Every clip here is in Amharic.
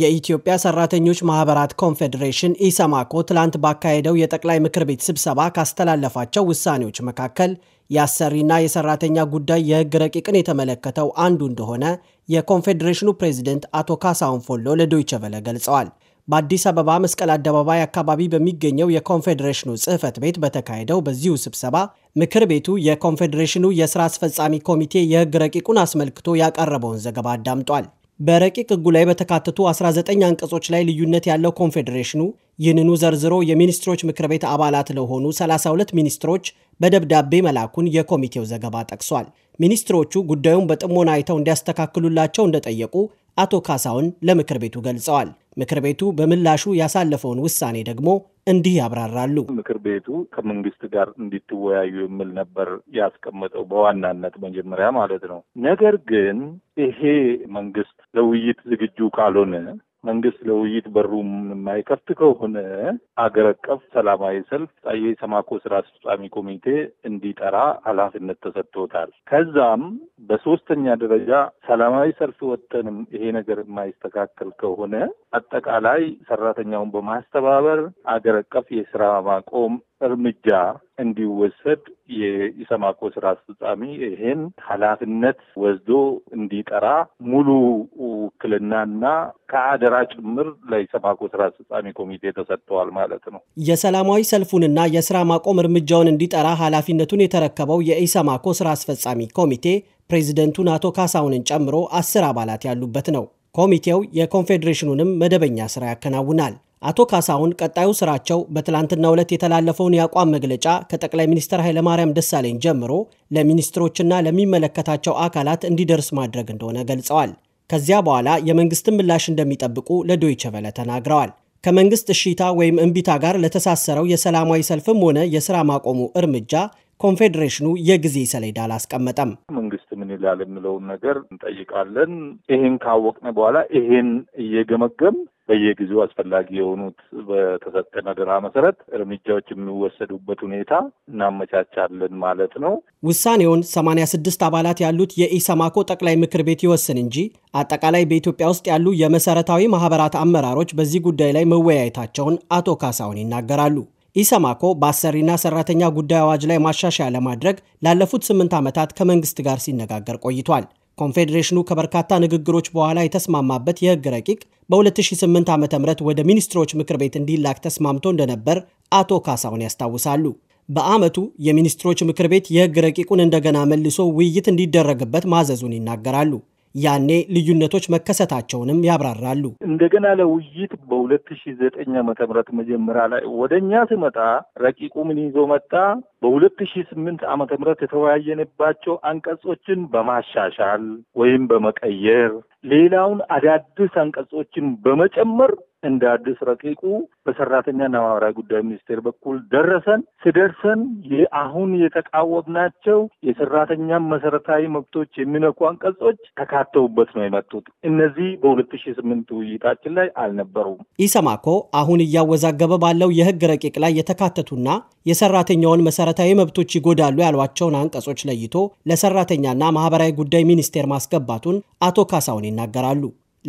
የኢትዮጵያ ሰራተኞች ማህበራት ኮንፌዴሬሽን ኢሰማኮ ትላንት ባካሄደው የጠቅላይ ምክር ቤት ስብሰባ ካስተላለፋቸው ውሳኔዎች መካከል የአሰሪና የሰራተኛ ጉዳይ የህግ ረቂቅን የተመለከተው አንዱ እንደሆነ የኮንፌዴሬሽኑ ፕሬዚደንት አቶ ካሳሁን ፎሎ ለዶይቸ ቬለ ገልጸዋል። በአዲስ አበባ መስቀል አደባባይ አካባቢ በሚገኘው የኮንፌዴሬሽኑ ጽህፈት ቤት በተካሄደው በዚሁ ስብሰባ ምክር ቤቱ የኮንፌዴሬሽኑ የስራ አስፈጻሚ ኮሚቴ የህግ ረቂቁን አስመልክቶ ያቀረበውን ዘገባ አዳምጧል። በረቂቅ ሕጉ ላይ በተካተቱ 19 አንቀጾች ላይ ልዩነት ያለው ኮንፌዴሬሽኑ ይህንኑ ዘርዝሮ የሚኒስትሮች ምክር ቤት አባላት ለሆኑ 32 ሚኒስትሮች በደብዳቤ መላኩን የኮሚቴው ዘገባ ጠቅሷል። ሚኒስትሮቹ ጉዳዩን በጥሞና አይተው እንዲያስተካክሉላቸው እንደጠየቁ አቶ ካሳውን ለምክር ቤቱ ገልጸዋል። ምክር ቤቱ በምላሹ ያሳለፈውን ውሳኔ ደግሞ እንዲህ ያብራራሉ። ምክር ቤቱ ከመንግስት ጋር እንድትወያዩ የሚል ነበር ያስቀመጠው በዋናነት መጀመሪያ ማለት ነው። ነገር ግን ይሄ መንግስት ለውይይት ዝግጁ ካልሆነ መንግስት ለውይይት በሩ የማይከፍት ከሆነ አገር አቀፍ ሰላማዊ ሰልፍ ሰማኮ ስራ አስፈጻሚ ኮሚቴ እንዲጠራ ኃላፊነት ተሰጥቶታል። ከዛም በሶስተኛ ደረጃ ሰላማዊ ሰልፍ ወጥተንም ይሄ ነገር የማይስተካከል ከሆነ አጠቃላይ ሰራተኛውን በማስተባበር አገር አቀፍ የስራ ማቆም እርምጃ እንዲወሰድ የኢሰማኮ ስራ አስፈጻሚ ይህን ኃላፊነት ወስዶ እንዲጠራ ሙሉ ውክልናና ከአደራ ጭምር ለኢሰማኮ ስራ አስፈጻሚ ኮሚቴ ተሰጥተዋል ማለት ነው። የሰላማዊ ሰልፉንና የስራ ማቆም እርምጃውን እንዲጠራ ኃላፊነቱን የተረከበው የኢሰማኮ ስራ አስፈጻሚ ኮሚቴ ፕሬዚደንቱን አቶ ካሳሁንን ጨምሮ አስር አባላት ያሉበት ነው። ኮሚቴው የኮንፌዴሬሽኑንም መደበኛ ስራ ያከናውናል። አቶ ካሳሁን ቀጣዩ ስራቸው በትላንትናው ዕለት የተላለፈውን የአቋም መግለጫ ከጠቅላይ ሚኒስትር ኃይለማርያም ደሳለኝ ጀምሮ ለሚኒስትሮችና ለሚመለከታቸው አካላት እንዲደርስ ማድረግ እንደሆነ ገልጸዋል። ከዚያ በኋላ የመንግስትን ምላሽ እንደሚጠብቁ ለዶይቸ ቬለ ተናግረዋል። ከመንግስት እሺታ ወይም እምቢታ ጋር ለተሳሰረው የሰላማዊ ሰልፍም ሆነ የሥራ ማቆሙ እርምጃ ኮንፌዴሬሽኑ የጊዜ ሰሌዳ አላስቀመጠም። መንግስት ምን ይላል የሚለውን ነገር እንጠይቃለን። ይሄን ካወቅነ በኋላ ይሄን እየገመገም በየጊዜው አስፈላጊ የሆኑት በተሰጠ ነገራ መሰረት እርምጃዎች የሚወሰዱበት ሁኔታ እናመቻቻለን ማለት ነው። ውሳኔውን 86 አባላት ያሉት የኢሰማኮ ጠቅላይ ምክር ቤት ይወስን እንጂ አጠቃላይ በኢትዮጵያ ውስጥ ያሉ የመሰረታዊ ማህበራት አመራሮች በዚህ ጉዳይ ላይ መወያየታቸውን አቶ ካሳውን ይናገራሉ። ኢሰማኮ በአሰሪና ሰራተኛ ጉዳይ አዋጅ ላይ ማሻሻያ ለማድረግ ላለፉት ስምንት ዓመታት ከመንግስት ጋር ሲነጋገር ቆይቷል። ኮንፌዴሬሽኑ ከበርካታ ንግግሮች በኋላ የተስማማበት የህግ ረቂቅ በ2008 ዓ ም ወደ ሚኒስትሮች ምክር ቤት እንዲላክ ተስማምቶ እንደነበር አቶ ካሳውን ያስታውሳሉ። በአመቱ የሚኒስትሮች ምክር ቤት የህግ ረቂቁን እንደገና መልሶ ውይይት እንዲደረግበት ማዘዙን ይናገራሉ። ያኔ ልዩነቶች መከሰታቸውንም ያብራራሉ። እንደገና ለውይይት በሁለት ሺ ዘጠኝ ዓመተ ምህረት መጀመሪያ ላይ ወደ እኛ ስመጣ ረቂቁ ምን ይዞ መጣ? በሁለት ሺ ስምንት ዓመተ ምህረት የተወያየንባቸው አንቀጾችን በማሻሻል ወይም በመቀየር ሌላውን አዳዲስ አንቀጾችን በመጨመር እንደ አዲስ ረቂቁ በሰራተኛና ማህበራዊ ጉዳይ ሚኒስቴር በኩል ደረሰን። ስደርሰን አሁን የተቃወምናቸው የሰራተኛ መሰረታዊ መብቶች የሚነኩ አንቀጾች ተካተውበት ነው የመጡት። እነዚህ በሁለት ሺ ስምንት ውይይታችን ላይ አልነበሩም። ኢሰማኮ አሁን እያወዛገበ ባለው የህግ ረቂቅ ላይ የተካተቱና የሰራተኛውን መሰረ መሰረታዊ መብቶች ይጎዳሉ ያሏቸውን አንቀጾች ለይቶ ለሰራተኛና ማህበራዊ ጉዳይ ሚኒስቴር ማስገባቱን አቶ ካሳውን ይናገራሉ።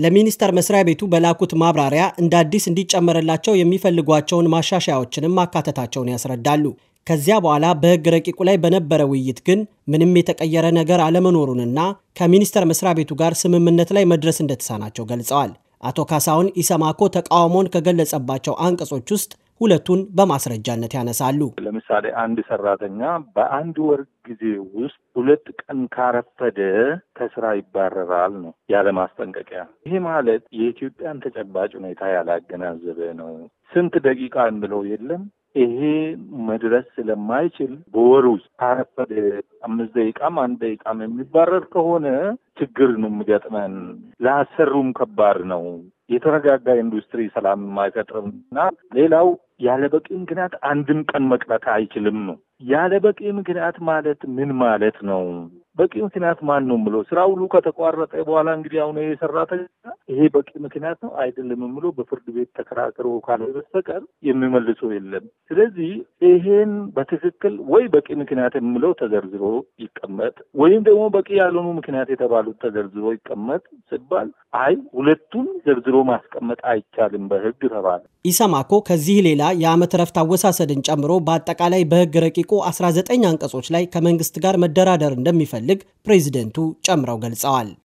ለሚኒስቴር መስሪያ ቤቱ በላኩት ማብራሪያ እንደ አዲስ እንዲጨመርላቸው የሚፈልጓቸውን ማሻሻያዎችንም ማካተታቸውን ያስረዳሉ። ከዚያ በኋላ በህግ ረቂቁ ላይ በነበረ ውይይት ግን ምንም የተቀየረ ነገር አለመኖሩንና ከሚኒስቴር መስሪያ ቤቱ ጋር ስምምነት ላይ መድረስ እንደተሳናቸው ገልጸዋል። አቶ ካሳሁን ኢሰማኮ ተቃውሞን ከገለጸባቸው አንቀጾች ውስጥ ሁለቱን በማስረጃነት ያነሳሉ። ለምሳሌ አንድ ሰራተኛ በአንድ ወር ጊዜ ውስጥ ሁለት ቀን ካረፈደ ከስራ ይባረራል ነው ያለ ማስጠንቀቂያ። ይሄ ማለት የኢትዮጵያን ተጨባጭ ሁኔታ ያላገናዘበ ነው። ስንት ደቂቃ እንለው የለም ይሄ መድረስ ስለማይችል በወር ውስጥ ካረፈደ አምስት ደቂቃም አንድ ደቂቃም የሚባረር ከሆነ ችግር ነው የሚገጥመን። ለአሰሩም ከባድ ነው። የተረጋጋ ኢንዱስትሪ ሰላም የማይፈጥርም እና ሌላው ያለ በቂ ምክንያት አንድም ቀን መቅረት አይችልም ነው። ያለ በቂ ምክንያት ማለት ምን ማለት ነው? በቂ ምክንያት ማን ነው ብሎ ስራ ሁሉ ከተቋረጠ በኋላ እንግዲህ አሁን የሰራተኛ ይሄ በቂ ምክንያት ነው አይደለም ብሎ በፍርድ ቤት ተከራክሮ ካለ በስተቀር የሚመልሰው የለም። ስለዚህ ይሄን በትክክል ወይ በቂ ምክንያት የምለው ተዘርዝሮ ይቀመጥ ወይም ደግሞ በቂ ያልሆኑ ምክንያት የተባሉት ተዘርዝሮ ይቀመጥ ሲባል አይ ሁለቱን ዘርዝሮ ማስቀመጥ አይቻልም በህግ ተባለ። ኢሰማኮ ከዚህ ሌላ የአመት ረፍት አወሳሰድን ጨምሮ በአጠቃላይ በህግ ረቂቁ 19 አንቀጾች ላይ ከመንግስት ጋር መደራደር እንደሚፈልግ ፕሬዚደንቱ ጨምረው ገልጸዋል።